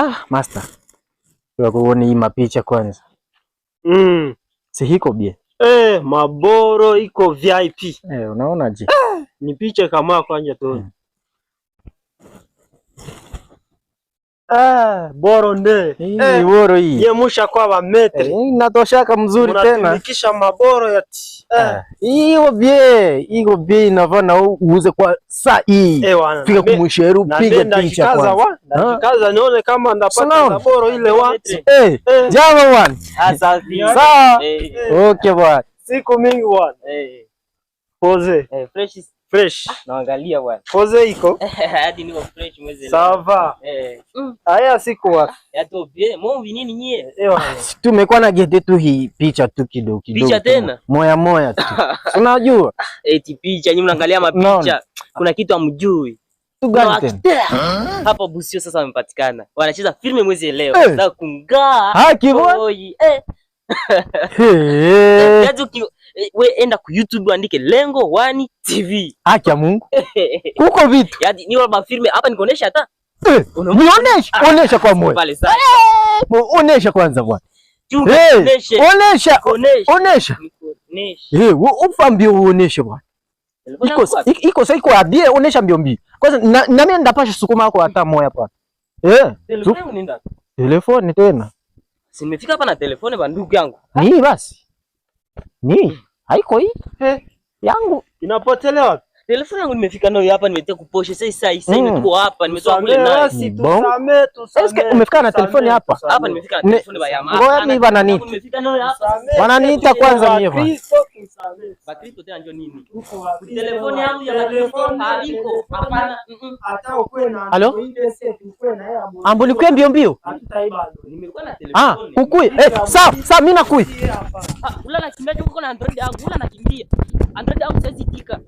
Ah, master. Tuone hii mapicha kwanza. Mm. Si hiko bie. Eh, maboro iko VIP. Eh, unaona je? Ah, eh, ni picha kama kwanza tuone. Eh. Mm. Ah, boro nde hii eh, boro hii nyemusha kwa wa metri eh, hii natoshaka mzuri tena nikisha maboro yati ah, hiyo bie hiyo bie inavana uuze kwa saa hii eh, fika kumusheru piga picha kwa wa kikaza ah. nione kama ndapata maboro ile wa eh, eh. Jama wan sasa sawa eh. Okay bwana siku mingi wan eh. Pose eh, fresh Fresh. Ah, naangalia bwana. Koze iko? Hadi niko fresh mwezi. leo. Sawa. Eh. Haya mm. siku wa. Ya wapi? Yato bie, mumbi nini nyie? Eh. eh, eh. Tumekuwa na gete tu hii picha tu kidogo kidogo. Picha tena? Moya moya tu. Unajua? Eti picha, nyinyi mnaangalia mapicha. Kuna kitu amjui. hamjui. Hapo Busio sasa wamepatikana. Wanacheza filme mwezi leo. Eh. Nataka kungaa. Haki bwana. Eh. we enda ku YouTube andike Lengo One TV. Acha Mungu. Huko vitu. Yaani ni wala mafilme hapa nikuonesha hata. Eh, Unaonesha, ah, onesha kwa moyo. Vale sana. Eh, onesha kwanza bwana. Onesha. Onesha. Eh, eh ufa mbio uoneshe bwana. Iko iko sasa iko abie onesha mbio mbio. Kwanza na mimi ndapasha sukuma yako hata moyo hapa. Eh. Telefoni Telefoni tena. Simefika hapa na telefoni ba ndugu yangu. Ni basi. Ni. Mm haiko hii eh. yangu inapotelewa Telefoni yangu nimefika nayo hapa, nimetia kuposhe sasa. Sasa sasa mm. imekuwa hapa, nimetoa kule nayo. Basi tusame. tusamee. Eske umefika na telefoni hapa? Hapa nimefika na telefoni ya mama. Ngoja mimi bana nita. Nimefika nayo hapa. Bana nita kwanza mimi hapa. Kristo tusamee. Bakristo tena ndio nini? Telefoni yangu ya telefoni haliko. Hapana. Hata ukwe na. Halo? Ambuli kwe mbio mbio. Nimekuwa na ah, telefoni. Ah, ukui. Eh, sawa, sawa mimi nakui. Ah, ulala kimbia, uko na Android yangu, ulala nakimbia, Android yangu sasa itika.